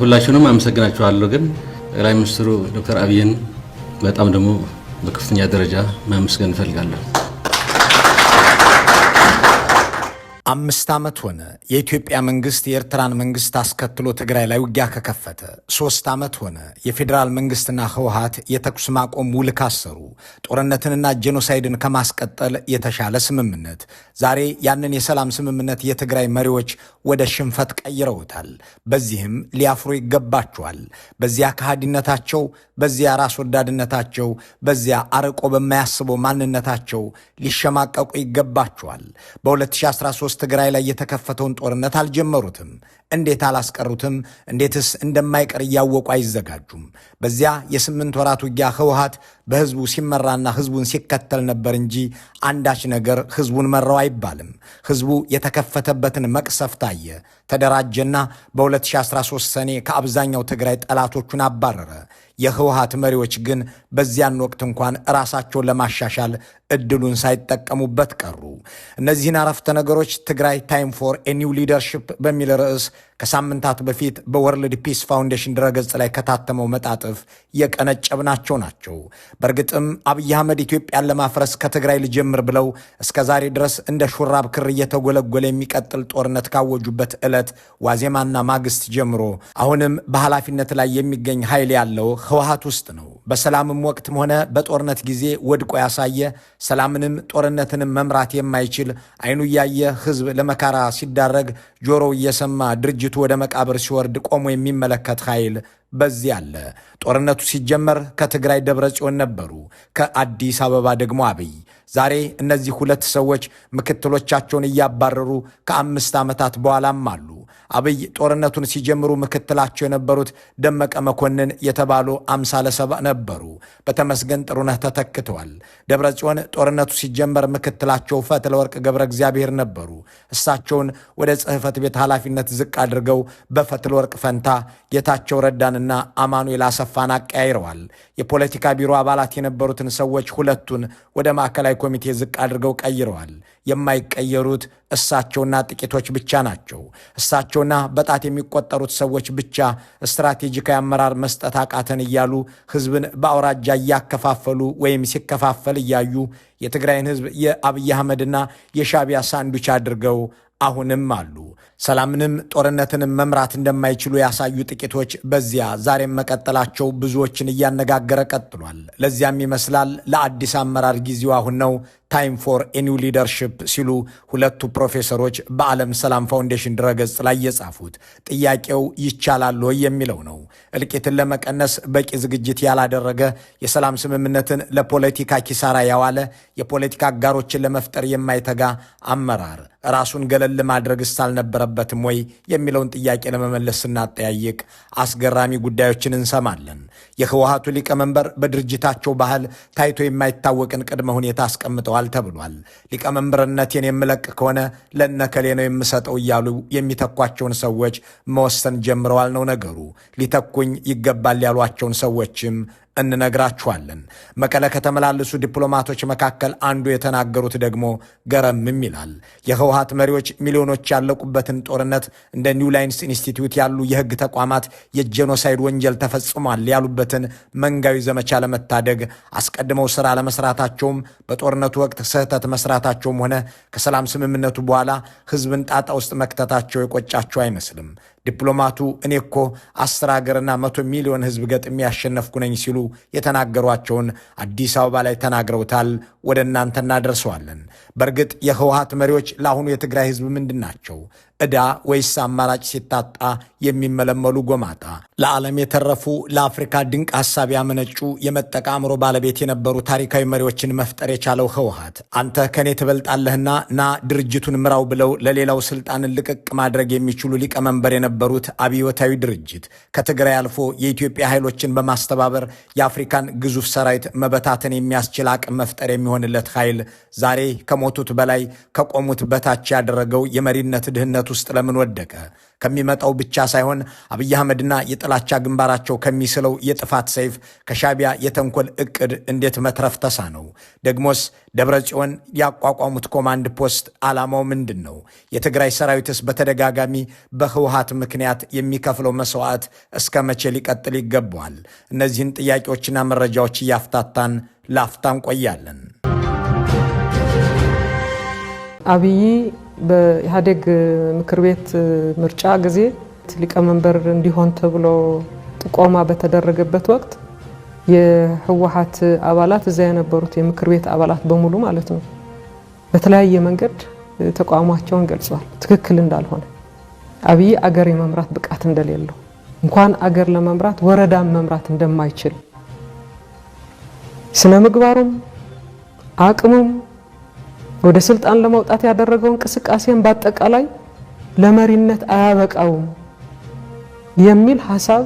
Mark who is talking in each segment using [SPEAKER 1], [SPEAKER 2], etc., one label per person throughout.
[SPEAKER 1] ሁላችሁንም አመሰግናችኋለሁ። ግን ጠቅላይ ሚኒስትሩ ዶክተር አብይን በጣም ደግሞ በከፍተኛ ደረጃ ማመስገን እፈልጋለሁ።
[SPEAKER 2] አምስት ዓመት ሆነ የኢትዮጵያ መንግስት የኤርትራን መንግስት አስከትሎ ትግራይ ላይ ውጊያ ከከፈተ። ሶስት ዓመት ሆነ የፌዴራል መንግስትና ህወሀት የተኩስ ማቆም ውል ካሰሩ። ጦርነትንና ጄኖሳይድን ከማስቀጠል የተሻለ ስምምነት። ዛሬ ያንን የሰላም ስምምነት የትግራይ መሪዎች ወደ ሽንፈት ቀይረውታል። በዚህም ሊያፍሩ ይገባቸዋል። በዚያ ከሃዲነታቸው፣ በዚያ ራስ ወዳድነታቸው፣ በዚያ አርቆ በማያስበው ማንነታቸው ሊሸማቀቁ ይገባቸዋል። በ2013 ትግራይ ላይ የተከፈተውን ጦርነት አልጀመሩትም? እንዴት አላስቀሩትም? እንዴትስ እንደማይቀር እያወቁ አይዘጋጁም? በዚያ የስምንት ወራት ውጊያ ህወሓት በህዝቡ ሲመራና ህዝቡን ሲከተል ነበር እንጂ አንዳች ነገር ህዝቡን መራው አይባልም። ህዝቡ የተከፈተበትን መቅሰፍ ታየ። ተደራጀና በ2013 ሰኔ ከአብዛኛው ትግራይ ጠላቶቹን አባረረ። የህወሀት መሪዎች ግን በዚያን ወቅት እንኳን ራሳቸውን ለማሻሻል እድሉን ሳይጠቀሙበት ቀሩ። እነዚህን አረፍተ ነገሮች ትግራይ ታይም ፎር ኒው ሊደርሽፕ በሚል ርዕስ ከሳምንታት በፊት በወርልድ ፒስ ፋውንዴሽን ድረገጽ ላይ ከታተመው መጣጥፍ የቀነጨብናቸው ናቸው። በእርግጥም አብይ አህመድ ኢትዮጵያን ለማፍረስ ከትግራይ ልጀምር ብለው እስከ ዛሬ ድረስ እንደ ሹራብ ክር እየተጎለጎለ የሚቀጥል ጦርነት ካወጁበት ዕለት ዋዜማና ማግስት ጀምሮ አሁንም በኃላፊነት ላይ የሚገኝ ኃይል ያለው ህወሓት ውስጥ ነው። በሰላምም ወቅትም ሆነ በጦርነት ጊዜ ወድቆ ያሳየ ሰላምንም ጦርነትንም መምራት የማይችል አይኑ እያየ ህዝብ ለመከራ ሲዳረግ ጆሮው እየሰማ ድርጅቱ ወደ መቃብር ሲወርድ ቆሞ የሚመለከት ኃይል በዚህ አለ። ጦርነቱ ሲጀመር ከትግራይ ደብረ ጽዮን ነበሩ፣ ከአዲስ አበባ ደግሞ አብይ ዛሬ እነዚህ ሁለት ሰዎች ምክትሎቻቸውን እያባረሩ ከአምስት ዓመታት በኋላም አሉ። አብይ ጦርነቱን ሲጀምሩ ምክትላቸው የነበሩት ደመቀ መኮንን የተባሉ አምሳለ ሰባ ነበሩ። በተመስገን ጥሩነህ ተተክተዋል። ደብረ ጽዮን ጦርነቱ ሲጀመር ምክትላቸው ፈትለ ወርቅ ገብረ እግዚአብሔር ነበሩ። እሳቸውን ወደ ጽህፈት ቤት ኃላፊነት ዝቅ አድርገው በፈትለ ወርቅ ፈንታ ጌታቸው ረዳንና አማኑኤል አሰፋን አቀያይረዋል። የፖለቲካ ቢሮ አባላት የነበሩትን ሰዎች ሁለቱን ወደ ማዕከላዊ ኮሚቴ ዝቅ አድርገው ቀይረዋል። የማይቀየሩት እሳቸውና ጥቂቶች ብቻ ናቸው። እሳቸውና በጣት የሚቆጠሩት ሰዎች ብቻ ስትራቴጂካዊ አመራር መስጠት አቃተን እያሉ ህዝብን በአውራጃ እያከፋፈሉ ወይም ሲከፋፈል እያዩ የትግራይን ህዝብ የአብይ አህመድና የሻቢያ ሳንዱች አድርገው አሁንም አሉ። ሰላምንም ጦርነትንም መምራት እንደማይችሉ ያሳዩ ጥቂቶች በዚያ ዛሬም መቀጠላቸው ብዙዎችን እያነጋገረ ቀጥሏል። ለዚያም ይመስላል ለአዲስ አመራር ጊዜው አሁን ነው፣ ታይም ፎር ኒ ሊደርሽፕ ሲሉ ሁለቱ ፕሮፌሰሮች በዓለም ሰላም ፋውንዴሽን ድረገጽ ላይ የጻፉት ጥያቄው ይቻላል ወይ የሚለው ነው። እልቂትን ለመቀነስ በቂ ዝግጅት ያላደረገ፣ የሰላም ስምምነትን ለፖለቲካ ኪሳራ ያዋለ፣ የፖለቲካ አጋሮችን ለመፍጠር የማይተጋ አመራር ራሱን ገለል ለማድረግ አልነበረበትም ወይ የሚለውን ጥያቄ ለመመለስ ስናጠያይቅ አስገራሚ ጉዳዮችን እንሰማለን። የህወሀቱ ሊቀመንበር በድርጅታቸው ባህል ታይቶ የማይታወቅን ቅድመ ሁኔታ አስቀምጠዋል። ተጠቅሰዋል ተብሏል። ሊቀመንበርነቴን የምለቅ ከሆነ ለነከሌ ነው የምሰጠው እያሉ የሚተኳቸውን ሰዎች መወሰን ጀምረዋል ነው ነገሩ። ሊተኩኝ ይገባል ያሏቸውን ሰዎችም እንነግራችኋለን። መቀለ ከተመላለሱ ዲፕሎማቶች መካከል አንዱ የተናገሩት ደግሞ ገረምም ይላል። የህወሀት መሪዎች ሚሊዮኖች ያለቁበትን ጦርነት እንደ ኒው ላይንስ ኢንስቲትዩት ያሉ የህግ ተቋማት የጄኖሳይድ ወንጀል ተፈጽሟል ያሉበትን መንጋዊ ዘመቻ ለመታደግ አስቀድመው ስራ ለመስራታቸውም በጦርነቱ ወቅት ስህተት መስራታቸውም ሆነ ከሰላም ስምምነቱ በኋላ ህዝብን ጣጣ ውስጥ መክተታቸው የቆጫቸው አይመስልም። ዲፕሎማቱ እኔ እኮ አስር ሀገርና መቶ ሚሊዮን ህዝብ ገጥሜ ያሸነፍኩ ነኝ ሲሉ የተናገሯቸውን አዲስ አበባ ላይ ተናግረውታል። ወደ እናንተ እናደርሰዋለን። በእርግጥ የህወሀት መሪዎች ለአሁኑ የትግራይ ህዝብ ምንድን ናቸው? ዕዳ ወይስ አማራጭ ሲታጣ የሚመለመሉ ጎማጣ ለዓለም የተረፉ ለአፍሪካ ድንቅ ሀሳብ ያመነጩ የመጠቃ አእምሮ ባለቤት የነበሩ ታሪካዊ መሪዎችን መፍጠር የቻለው ህወሓት አንተ ከኔ ትበልጣለህና ና ድርጅቱን ምራው ብለው ለሌላው ስልጣንን ልቅቅ ማድረግ የሚችሉ ሊቀመንበር የነበሩት አብዮታዊ ድርጅት ከትግራይ አልፎ የኢትዮጵያ ኃይሎችን በማስተባበር የአፍሪካን ግዙፍ ሰራዊት መበታተን የሚያስችል አቅም መፍጠር የሚሆንለት ኃይል ዛሬ ከሞቱት በላይ ከቆሙት በታች ያደረገው የመሪነት ድህነቱ ጦርነት ውስጥ ለምን ወደቀ? ከሚመጣው ብቻ ሳይሆን አብይ አህመድና የጥላቻ ግንባራቸው ከሚስለው የጥፋት ሰይፍ ከሻቢያ የተንኮል እቅድ እንዴት መትረፍ ተሳ ነው? ደግሞስ ደብረ ጽዮን ያቋቋሙት ኮማንድ ፖስት ዓላማው ምንድን ነው? የትግራይ ሰራዊትስ በተደጋጋሚ በህወሀት ምክንያት የሚከፍለው መስዋዕት እስከ መቼ ሊቀጥል ይገባዋል? እነዚህን ጥያቄዎችና መረጃዎች እያፍታታን ላፍታ እንቆያለን።
[SPEAKER 3] አብይ በኢህአዴግ ምክር ቤት ምርጫ ጊዜ ሊቀመንበር እንዲሆን ተብሎ ጥቆማ በተደረገበት ወቅት የህወሀት አባላት እዛ የነበሩት የምክር ቤት አባላት በሙሉ ማለት ነው በተለያየ መንገድ ተቋሟቸውን ገልጸዋል። ትክክል እንዳልሆነ አብይ አገር የመምራት ብቃት እንደሌለው እንኳን አገር ለመምራት ወረዳን መምራት እንደማይችል ስነ ምግባሩም አቅሙም ወደ ስልጣን ለመውጣት ያደረገው እንቅስቃሴን በአጠቃላይ ለመሪነት አያበቃውም የሚል ሀሳብ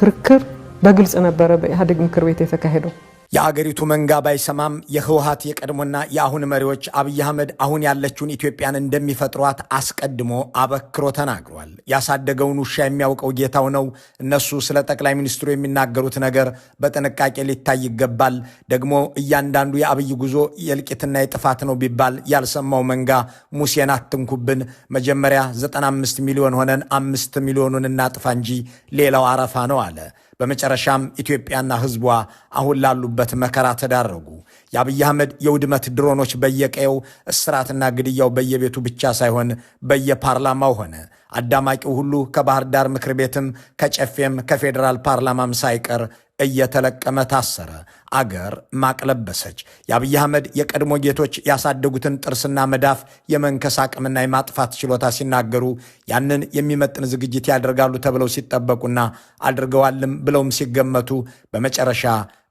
[SPEAKER 3] ክርክር በግልጽ ነበረ በኢህአዴግ ምክር ቤት የተካሄደው።
[SPEAKER 2] የአገሪቱ መንጋ ባይሰማም የህወሀት የቀድሞና የአሁን መሪዎች አብይ አህመድ አሁን ያለችውን ኢትዮጵያን እንደሚፈጥሯት አስቀድሞ አበክሮ ተናግሯል። ያሳደገውን ውሻ የሚያውቀው ጌታው ነው። እነሱ ስለ ጠቅላይ ሚኒስትሩ የሚናገሩት ነገር በጥንቃቄ ሊታይ ይገባል። ደግሞ እያንዳንዱ የአብይ ጉዞ የእልቂትና የጥፋት ነው ቢባል ያልሰማው መንጋ ሙሴን አትንኩብን፣ መጀመሪያ 95 ሚሊዮን ሆነን አምስት ሚሊዮኑን እናጥፋ እንጂ ሌላው አረፋ ነው አለ። በመጨረሻም ኢትዮጵያና ሕዝቧ አሁን ላሉበት መከራ ተዳረጉ። የአብይ አህመድ የውድመት ድሮኖች በየቀየው እስራትና ግድያው በየቤቱ ብቻ ሳይሆን በየፓርላማው ሆነ። አዳማቂው ሁሉ ከባህር ዳር ምክር ቤትም ከጨፌም ከፌዴራል ፓርላማም ሳይቀር እየተለቀመ ታሰረ። አገር ማቅለበሰች። የአብይ አህመድ የቀድሞ ጌቶች ያሳደጉትን ጥርስና መዳፍ የመንከስ አቅምና የማጥፋት ችሎታ ሲናገሩ ያንን የሚመጥን ዝግጅት ያደርጋሉ ተብለው ሲጠበቁና አድርገዋልም ብለውም ሲገመቱ በመጨረሻ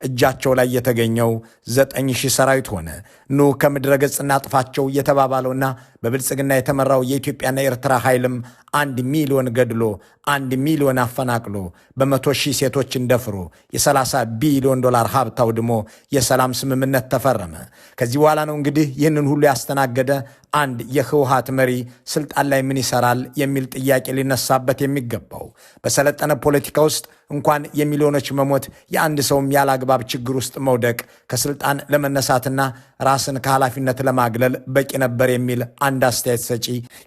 [SPEAKER 2] እጃቸው ላይ የተገኘው ዘጠኝ ሺህ ሰራዊት ሆነ። ኑ ከምድረ ገጽ እናጥፋቸው እየተባባለውና በብልጽግና የተመራው የኢትዮጵያና የኤርትራ ኃይልም አንድ ሚሊዮን ገድሎ አንድ ሚሊዮን አፈናቅሎ በመቶ ሺህ ሴቶችን ደፍሮ የ30 ቢሊዮን ዶላር ሀብታው አውድሞ የሰላም ስምምነት ተፈረመ። ከዚህ በኋላ ነው እንግዲህ ይህንን ሁሉ ያስተናገደ አንድ የህወሀት መሪ ስልጣን ላይ ምን ይሰራል የሚል ጥያቄ ሊነሳበት የሚገባው በሰለጠነ ፖለቲካ ውስጥ እንኳን የሚሊዮኖች መሞት የአንድ ሰውም ያላግባብ አግባብ ችግር ውስጥ መውደቅ ከስልጣን ለመነሳትና ራስን ከኃላፊነት ለማግለል በቂ ነበር የሚል አንድ አስተያየት ሰጪ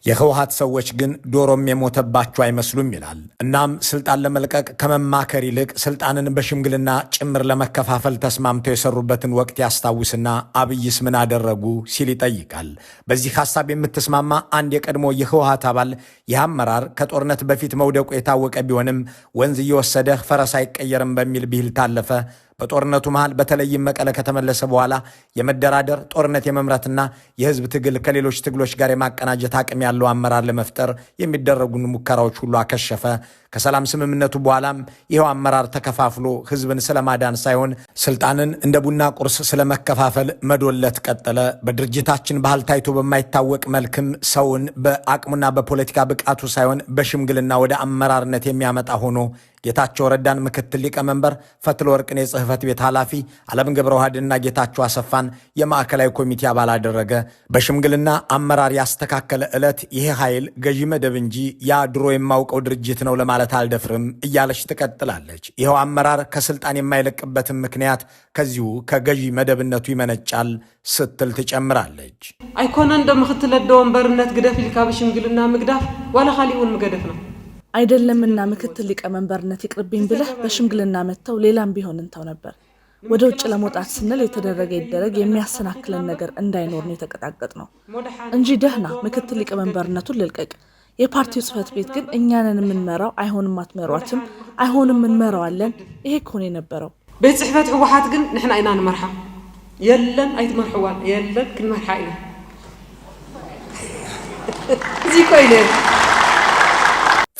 [SPEAKER 2] የህወሀት ሰዎች ግን ዶሮም የሞተባቸው አይመስሉም ይላል። እናም ስልጣን ለመልቀቅ ከመማከር ይልቅ ስልጣንን በሽምግልና ጭምር ለመከፋፈል ተስማምተው የሰሩበትን ወቅት ያስታውስና አብይስ ምን አደረጉ ሲል ይጠይቃል። በዚህ ሀሳብ የምትስማማ አንድ የቀድሞ የህወሀት አባል ይህ አመራር ከጦርነት በፊት መውደቁ የታወቀ ቢሆንም ወንዝ እየወሰደ ሄደህ ፈረስ አይቀየርም በሚል ብሂል ታለፈ በጦርነቱ መሃል በተለይም መቀለ ከተመለሰ በኋላ የመደራደር ጦርነት የመምራትና የህዝብ ትግል ከሌሎች ትግሎች ጋር የማቀናጀት አቅም ያለው አመራር ለመፍጠር የሚደረጉን ሙከራዎች ሁሉ አከሸፈ። ከሰላም ስምምነቱ በኋላም ይኸው አመራር ተከፋፍሎ ህዝብን ስለማዳን ሳይሆን ስልጣንን እንደ ቡና ቁርስ ስለመከፋፈል መዶለት ቀጠለ። በድርጅታችን ባህል ታይቶ በማይታወቅ መልክም ሰውን በአቅሙና በፖለቲካ ብቃቱ ሳይሆን በሽምግልና ወደ አመራርነት የሚያመጣ ሆኖ ጌታቸው ረዳን ምክትል ሊቀመንበር ፈትለወርቅን ጽህፈት ቤት ኃላፊ ዓለም ገብረ ውሃድና ጌታቸው አሰፋን የማዕከላዊ ኮሚቴ አባል አደረገ። በሽምግልና አመራር ያስተካከለ ዕለት ይሄ ኃይል ገዢ መደብ እንጂ ያ ድሮ የማውቀው ድርጅት ነው ለማለት አልደፍርም እያለች ትቀጥላለች። ይኸው አመራር ከስልጣን የማይለቅበትን ምክንያት ከዚሁ ከገዢ መደብነቱ ይመነጫል ስትል ትጨምራለች።
[SPEAKER 4] አይኮነ ዶ ምክትለ ወንበርነት ግደፍ ኢልካ ብሽምግልና ምግዳፍ ዋላ ካሊውን ምገደፍ ነው
[SPEAKER 5] አይደለምና ምክትል ሊቀመንበርነት ይቅርብኝ ብለህ በሽምግልና መጥተው ሌላም ቢሆን እንተው ነበር። ወደ ውጭ ለመውጣት ስንል የተደረገ ይደረግ የሚያሰናክለን ነገር እንዳይኖር ነው የተቀጣቀጥ ነው እንጂ ደህና ምክትል ሊቀመንበርነቱን ልልቀቅ። የፓርቲው ጽህፈት ቤት ግን እኛንን የምንመራው አይሆንም፣ አትመሯትም፣ አይሆንም፣ እንመራዋለን። ይሄ ከሆነ የነበረው
[SPEAKER 6] ቤት ጽሕፈት ህወሓት ግን ንሕና ኢና ንመርሓ የለን፣ ኣይትመርሕዋን የለን፣ ክንመርሓ ኢና እዚ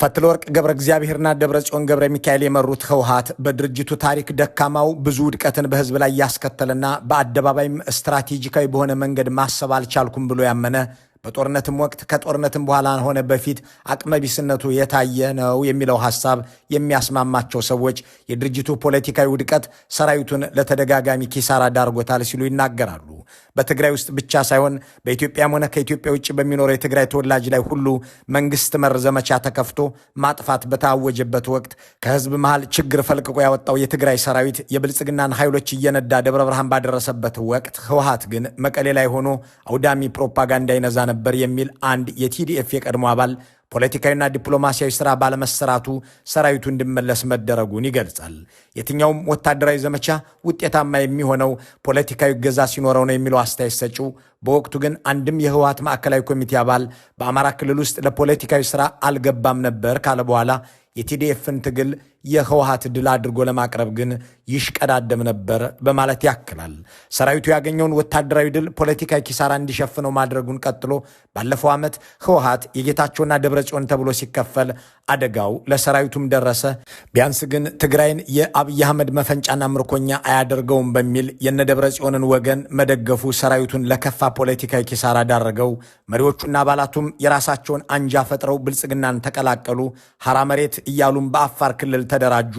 [SPEAKER 2] ፈትለወርቅ ገብረ እግዚአብሔርና ደብረ ጽዮን ገብረ ሚካኤል የመሩት ህውሃት በድርጅቱ ታሪክ ደካማው ብዙ ውድቀትን በህዝብ ላይ ያስከተለና በአደባባይም ስትራቴጂካዊ በሆነ መንገድ ማሰብ አልቻልኩም ብሎ ያመነ በጦርነትም ወቅት ከጦርነትም በኋላ ሆነ በፊት አቅመቢስነቱ የታየ ነው የሚለው ሐሳብ የሚያስማማቸው ሰዎች የድርጅቱ ፖለቲካዊ ውድቀት ሰራዊቱን ለተደጋጋሚ ኪሳራ ዳርጎታል ሲሉ ይናገራሉ። በትግራይ ውስጥ ብቻ ሳይሆን በኢትዮጵያም ሆነ ከኢትዮጵያ ውጭ በሚኖረው የትግራይ ተወላጅ ላይ ሁሉ መንግስት መር ዘመቻ ተከፍቶ ማጥፋት በታወጀበት ወቅት ከህዝብ መሃል ችግር ፈልቅቆ ያወጣው የትግራይ ሰራዊት የብልጽግናን ኃይሎች እየነዳ ደብረ ብርሃን ባደረሰበት ወቅት ህወሓት ግን መቀሌ ላይ ሆኖ አውዳሚ ፕሮፓጋንዳ ይነዛ ነበር የሚል አንድ የቲዲኤፍ የቀድሞ አባል ፖለቲካዊና ዲፕሎማሲያዊ ስራ ባለመሰራቱ ሰራዊቱ እንዲመለስ መደረጉን ይገልጻል። የትኛውም ወታደራዊ ዘመቻ ውጤታማ የሚሆነው ፖለቲካዊ እገዛ ሲኖረው ነው የሚለው አስተያየት ሰጪው፣ በወቅቱ ግን አንድም የህወሀት ማዕከላዊ ኮሚቴ አባል በአማራ ክልል ውስጥ ለፖለቲካዊ ስራ አልገባም ነበር ካለ በኋላ የቲዲኤፍን ትግል የህወሀት ድል አድርጎ ለማቅረብ ግን ይሽቀዳደም ነበር በማለት ያክላል። ሰራዊቱ ያገኘውን ወታደራዊ ድል ፖለቲካዊ ኪሳራ እንዲሸፍነው ማድረጉን ቀጥሎ ባለፈው ዓመት ህወሀት የጌታቸውና ደብረጽዮን ተብሎ ሲከፈል አደጋው ለሰራዊቱም ደረሰ። ቢያንስ ግን ትግራይን የአብይ አህመድ መፈንጫና ምርኮኛ አያደርገውም በሚል የነደብረጽዮንን ወገን መደገፉ ሰራዊቱን ለከፋ ፖለቲካዊ ኪሳራ ዳረገው። መሪዎቹና አባላቱም የራሳቸውን አንጃ ፈጥረው ብልጽግናን ተቀላቀሉ። ሐራ መሬት እያሉም በአፋር ክልል ተደራጁ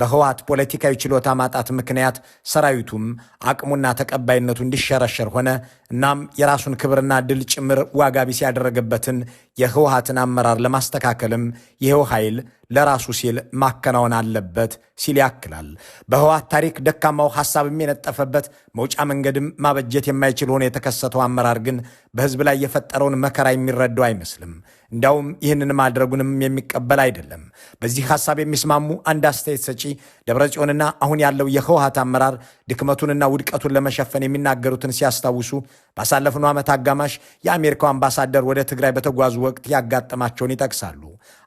[SPEAKER 2] በህወሓት ፖለቲካዊ ችሎታ ማጣት ምክንያት ሰራዊቱም አቅሙና ተቀባይነቱ እንዲሸረሸር ሆነ። እናም የራሱን ክብርና ድል ጭምር ዋጋ ቢስ ያደረገበትን የህወሓትን አመራር ለማስተካከልም ይኸው ኃይል ለራሱ ሲል ማከናወን አለበት ሲል ያክላል። በህወሓት ታሪክ ደካማው ሐሳብም የነጠፈበት መውጫ መንገድም ማበጀት የማይችል ሆኖ የተከሰተው አመራር ግን በህዝብ ላይ የፈጠረውን መከራ የሚረዳው አይመስልም። እንዲያውም ይህንን ማድረጉንም የሚቀበል አይደለም። በዚህ ሐሳብ የሚስማሙ አንድ አስተያየት ሰጪ ደብረ ጽዮንና አሁን ያለው የህወሀት አመራር ድክመቱንና ውድቀቱን ለመሸፈን የሚናገሩትን ሲያስታውሱ ባሳለፍነው ዓመት አጋማሽ የአሜሪካው አምባሳደር ወደ ትግራይ በተጓዙ ወቅት ያጋጠማቸውን ይጠቅሳሉ።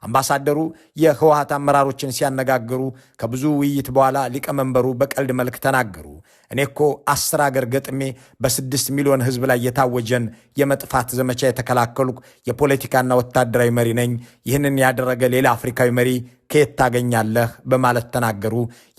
[SPEAKER 2] አምባሳደሩ የህወሀት አመራሮችን ሲያነጋግሩ ከብዙ ውይይት በኋላ ሊቀመንበሩ በቀልድ መልክ ተናገሩ። እኔ እኮ አስር አገር ገጥሜ በስድስት ሚሊዮን ህዝብ ላይ የታወጀን የመጥፋት ዘመቻ የተከላከሉ የፖለቲካና ወታደራዊ መሪ ነኝ። ይህንን ያደረገ ሌላ አፍሪካዊ መሪ ከየት ታገኛለህ? በማለት ተናገሩ።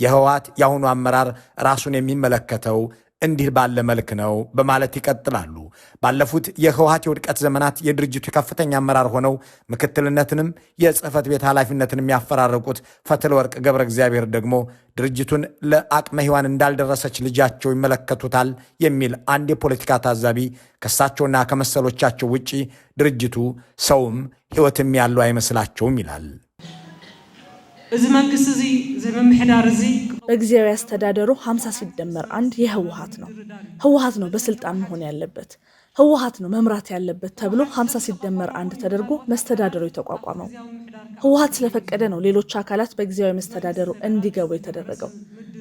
[SPEAKER 2] የህወሓት የአሁኑ አመራር ራሱን የሚመለከተው እንዲህ ባለ መልክ ነው በማለት ይቀጥላሉ። ባለፉት የህወሀት የውድቀት ዘመናት የድርጅቱ ከፍተኛ አመራር ሆነው ምክትልነትንም የጽህፈት ቤት ኃላፊነትንም ያፈራረቁት ፈትል ወርቅ ገብረ እግዚአብሔር ደግሞ ድርጅቱን ለአቅመ ሔዋን እንዳልደረሰች ልጃቸው ይመለከቱታል የሚል አንድ የፖለቲካ ታዛቢ ከሳቸውና ከመሰሎቻቸው ውጪ ድርጅቱ ሰውም ህይወትም ያለው አይመስላቸውም ይላል።
[SPEAKER 7] እዚ መንግስት እዚ ምምሕዳር እዚ
[SPEAKER 8] ጊዜያዊ አስተዳደሩ 50 ሲደመር አንድ የህወሀት ነው። ህወሀት ነው በስልጣን መሆን ያለበት ህወሀት ነው መምራት ያለበት ተብሎ 50 ሲደመር አንድ ተደርጎ መስተዳደሩ የተቋቋመው ህወሀት ስለፈቀደ ነው። ሌሎች አካላት በጊዜያዊ መስተዳደሩ እንዲገቡ የተደረገው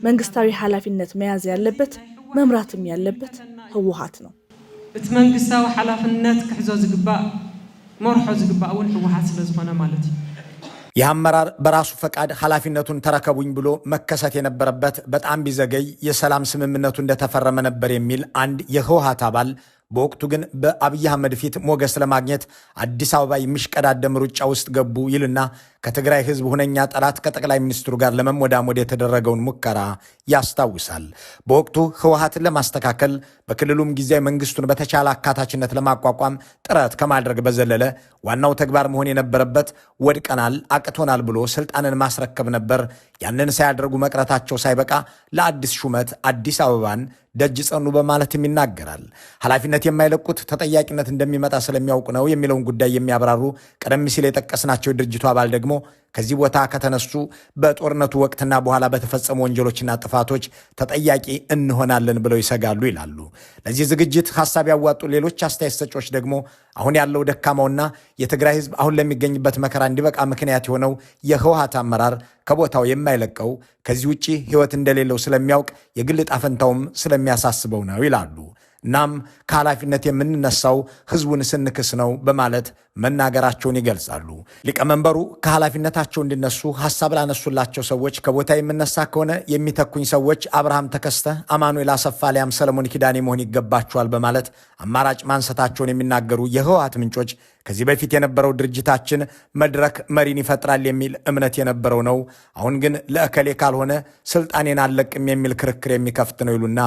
[SPEAKER 8] መንግስታዊ ኃላፊነት መያዝ ያለበት መምራትም ያለበት ህወሀት ነው።
[SPEAKER 9] እቲ መንግስታዊ ሓላፍነት ክሕዞ ዝግባእ መርሖ ዝግባእ እውን ህወሀት ስለዝኾነ ማለት እዩ
[SPEAKER 2] ይህ አመራር በራሱ ፈቃድ ኃላፊነቱን ተረከቡኝ ብሎ መከሰት የነበረበት በጣም ቢዘገይ የሰላም ስምምነቱ እንደተፈረመ ነበር የሚል አንድ የህወሀት አባል በወቅቱ ግን በአብይ አህመድ ፊት ሞገስ ለማግኘት አዲስ አበባ የሚሽቀዳደም ሩጫ ውስጥ ገቡ ይልና ከትግራይ ህዝብ ሁነኛ ጠላት ከጠቅላይ ሚኒስትሩ ጋር ለመሞዳሞድ የተደረገውን ሙከራ ያስታውሳል። በወቅቱ ህወሀትን ለማስተካከል በክልሉም ጊዜያዊ መንግስቱን በተቻለ አካታችነት ለማቋቋም ጥረት ከማድረግ በዘለለ ዋናው ተግባር መሆን የነበረበት ወድቀናል፣ አቅቶናል ብሎ ስልጣንን ማስረከብ ነበር። ያንን ሳያደርጉ መቅረታቸው ሳይበቃ ለአዲስ ሹመት አዲስ አበባን ደጅ ጸኑ በማለትም ይናገራል። ኃላፊነት የማይለቁት ተጠያቂነት እንደሚመጣ ስለሚያውቁ ነው የሚለውን ጉዳይ የሚያብራሩ ቀደም ሲል የጠቀስናቸው ድርጅቱ አባል ደግሞ ደግሞ ከዚህ ቦታ ከተነሱ በጦርነቱ ወቅትና በኋላ በተፈጸሙ ወንጀሎችና ጥፋቶች ተጠያቂ እንሆናለን ብለው ይሰጋሉ ይላሉ። ለዚህ ዝግጅት ሀሳብ ያዋጡ ሌሎች አስተያየት ሰጪዎች ደግሞ አሁን ያለው ደካማውና የትግራይ ሕዝብ አሁን ለሚገኝበት መከራ እንዲበቃ ምክንያት የሆነው የህወሀት አመራር ከቦታው የማይለቀው ከዚህ ውጭ ህይወት እንደሌለው ስለሚያውቅ የግል ጣፈንታውም ስለሚያሳስበው ነው ይላሉ። እናም ከኃላፊነት የምንነሳው ህዝቡን ስንክስ ነው በማለት መናገራቸውን ይገልጻሉ። ሊቀመንበሩ ከኃላፊነታቸው እንዲነሱ ሀሳብ ላነሱላቸው ሰዎች ከቦታ የምነሳ ከሆነ የሚተኩኝ ሰዎች አብርሃም ተከስተ፣ አማኑኤል አሰፋ ሊያም ሰለሞን ኪዳኔ መሆን ይገባቸዋል በማለት አማራጭ ማንሳታቸውን የሚናገሩ የህወሓት ምንጮች ከዚህ በፊት የነበረው ድርጅታችን መድረክ መሪን ይፈጥራል የሚል እምነት የነበረው ነው። አሁን ግን ለእከሌ ካልሆነ ስልጣኔን አለቅም የሚል ክርክር የሚከፍት ነው ይሉና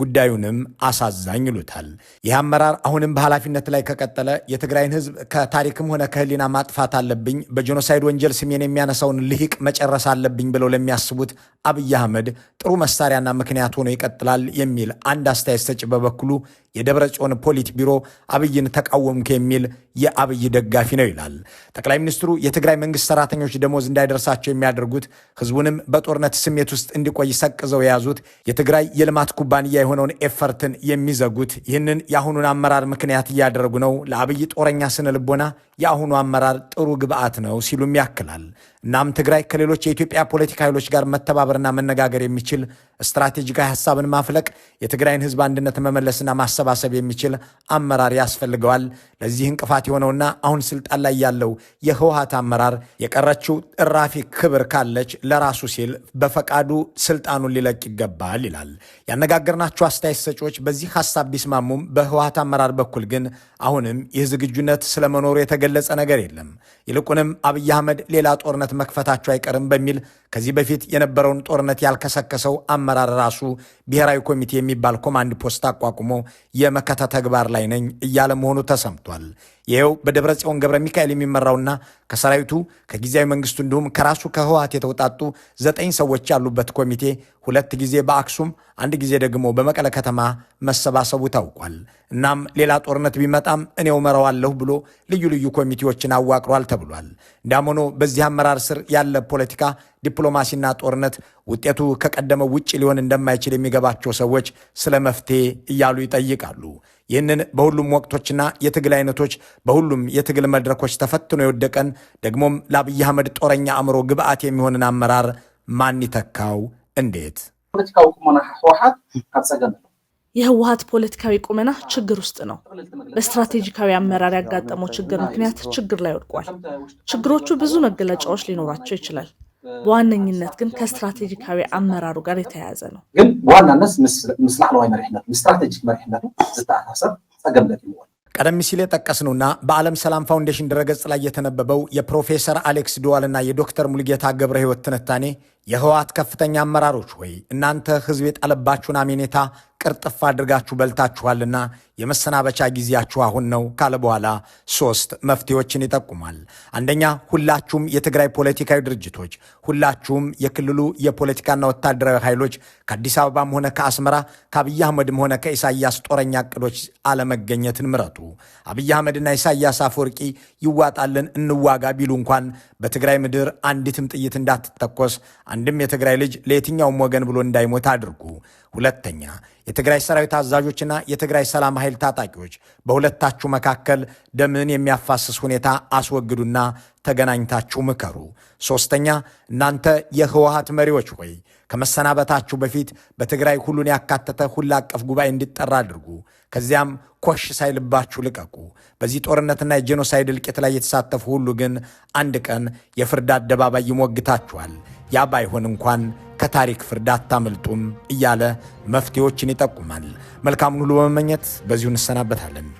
[SPEAKER 2] ጉዳዩንም አሳዛኝ ይሉታል። ይህ አመራር አሁንም በኃላፊነት ላይ ከቀጠለ የትግራይን ህዝብ ከ ከታሪክም ሆነ ከህሊና ማጥፋት አለብኝ፣ በጄኖሳይድ ወንጀል ስሜን የሚያነሳውን ልሂቅ መጨረስ አለብኝ ብለው ለሚያስቡት አብይ አህመድ ጥሩ መሳሪያና ምክንያት ሆኖ ይቀጥላል የሚል አንድ አስተያየት ሰጭ በበኩሉ የደብረ ጽዮን ፖሊት ቢሮ አብይን ተቃወምክ የሚል የአብይ ደጋፊ ነው ይላል። ጠቅላይ ሚኒስትሩ የትግራይ መንግስት ሰራተኞች ደሞዝ እንዳይደርሳቸው የሚያደርጉት ህዝቡንም በጦርነት ስሜት ውስጥ እንዲቆይ ሰቅዘው የያዙት የትግራይ የልማት ኩባንያ የሆነውን ኤፈርትን የሚዘጉት ይህንን የአሁኑን አመራር ምክንያት እያደረጉ ነው። ለአብይ ጦረኛ ስነ ልቦና የአሁኑ አመራር ጥሩ ግብአት ነው ሲሉም ያክላል። እናም ትግራይ ከሌሎች የኢትዮጵያ ፖለቲካ ኃይሎች ጋር መተባበርና መነጋገር የሚችል ስትራቴጂካዊ ሀሳብን ማፍለቅ፣ የትግራይን ህዝብ አንድነት መመለስና ማሰባሰብ የሚችል አመራር ያስፈልገዋል። ለዚህ እንቅፋት የሆነውና አሁን ስልጣን ላይ ያለው የህወሀት አመራር የቀረችው እራፊ ክብር ካለች ለራሱ ሲል በፈቃዱ ስልጣኑን ሊለቅ ይገባል ይላል። ያነጋገርናቸው አስተያየት ሰጪዎች በዚህ ሀሳብ ቢስማሙም በህወሀት አመራር በኩል ግን አሁንም ይህ ዝግጁነት ስለመኖሩ የተገለጸ ነገር የለም። ይልቁንም አብይ አህመድ ሌላ ጦርነት ጦርነት መክፈታቸው አይቀርም በሚል ከዚህ በፊት የነበረውን ጦርነት ያልከሰከሰው አመራር ራሱ ብሔራዊ ኮሚቴ የሚባል ኮማንድ ፖስት አቋቁሞ የመከታ ተግባር ላይ ነኝ እያለ መሆኑ ተሰምቷል። ይኸው በደብረ ጽዮን ገብረ ሚካኤል የሚመራውና ከሰራዊቱ ከጊዜያዊ መንግስቱ እንዲሁም ከራሱ ከህወሓት የተውጣጡ ዘጠኝ ሰዎች ያሉበት ኮሚቴ ሁለት ጊዜ በአክሱም አንድ ጊዜ ደግሞ በመቀለ ከተማ መሰባሰቡ ታውቋል። እናም ሌላ ጦርነት ቢመጣም እኔ እመራዋለሁ ብሎ ልዩ ልዩ ኮሚቴዎችን አዋቅሯል ተብሏል። እንዳም ሆኖ በዚህ አመራር ስር ያለ ፖለቲካ ዲፕሎማሲና ጦርነት ውጤቱ ከቀደመ ውጭ ሊሆን እንደማይችል የሚገባቸው ሰዎች ስለ መፍትሄ እያሉ ይጠይቃሉ። ይህንን በሁሉም ወቅቶችና የትግል አይነቶች በሁሉም የትግል መድረኮች ተፈትኖ የወደቀን ደግሞም ለአብይ አህመድ ጦረኛ አእምሮ ግብአት የሚሆንን አመራር ማን ይተካው? እንዴት?
[SPEAKER 10] የህወሀት ፖለቲካዊ ቁመና ችግር ውስጥ ነው። በስትራቴጂካዊ አመራር ያጋጠመው ችግር ምክንያት ችግር ላይ ወድቋል። ችግሮቹ ብዙ መገለጫዎች ሊኖራቸው ይችላል። በዋነኝነት ግን ከስትራቴጂካዊ አመራሩ ጋር የተያያዘ ነው።
[SPEAKER 11] ግን ብዋናነት ምስ ላዕለዋይ መሪሕነቱ ምስ ስትራቴጂክ መሪሕነቱ ዝተኣሳሰብ ፀገምለት
[SPEAKER 2] ይዎ ቀደም ሲል የጠቀስነውና በዓለም ሰላም ፋውንዴሽን ድረገጽ ላይ የተነበበው የፕሮፌሰር አሌክስ ዱዋልና የዶክተር ሙልጌታ ገብረ ሕይወት ትንታኔ የህወሓት ከፍተኛ አመራሮች ወይ እናንተ ህዝብ የጣለባችሁን አሜኔታ ቅርጥፍ አድርጋችሁ በልታችኋልና የመሰናበቻ ጊዜያችሁ አሁን ነው ካለ በኋላ ሶስት መፍትሄዎችን ይጠቁማል። አንደኛ፣ ሁላችሁም የትግራይ ፖለቲካዊ ድርጅቶች፣ ሁላችሁም የክልሉ የፖለቲካና ወታደራዊ ኃይሎች ከአዲስ አበባም ሆነ ከአስመራ ከአብይ አህመድም ሆነ ከኢሳያስ ጦረኛ እቅዶች አለመገኘትን ምረጡ። አብይ አህመድና ኢሳያስ አፈወርቂ ይዋጣልን እንዋጋ ቢሉ እንኳን በትግራይ ምድር አንዲትም ጥይት እንዳትተኮስ አንድም የትግራይ ልጅ ለየትኛውም ወገን ብሎ እንዳይሞት አድርጉ። ሁለተኛ የትግራይ ሰራዊት አዛዦችና የትግራይ ሰላም ኃይል ታጣቂዎች በሁለታችሁ መካከል ደምን የሚያፋስስ ሁኔታ አስወግዱና ተገናኝታችሁ ምከሩ። ሶስተኛ እናንተ የህወሀት መሪዎች ሆይ ከመሰናበታችሁ በፊት በትግራይ ሁሉን ያካተተ ሁላ አቀፍ ጉባኤ እንዲጠራ አድርጉ። ከዚያም ኮሽ ሳይልባችሁ ልቀቁ። በዚህ ጦርነትና የጄኖሳይድ እልቂት ላይ የተሳተፉ ሁሉ ግን አንድ ቀን የፍርድ አደባባይ ይሞግታችኋል። ያ ባይሆን እንኳን ከታሪክ ፍርድ አታመልጡም እያለ መፍትሄዎችን ይጠቁማል። መልካሙን ሁሉ በመመኘት በዚሁ እንሰናበታለን።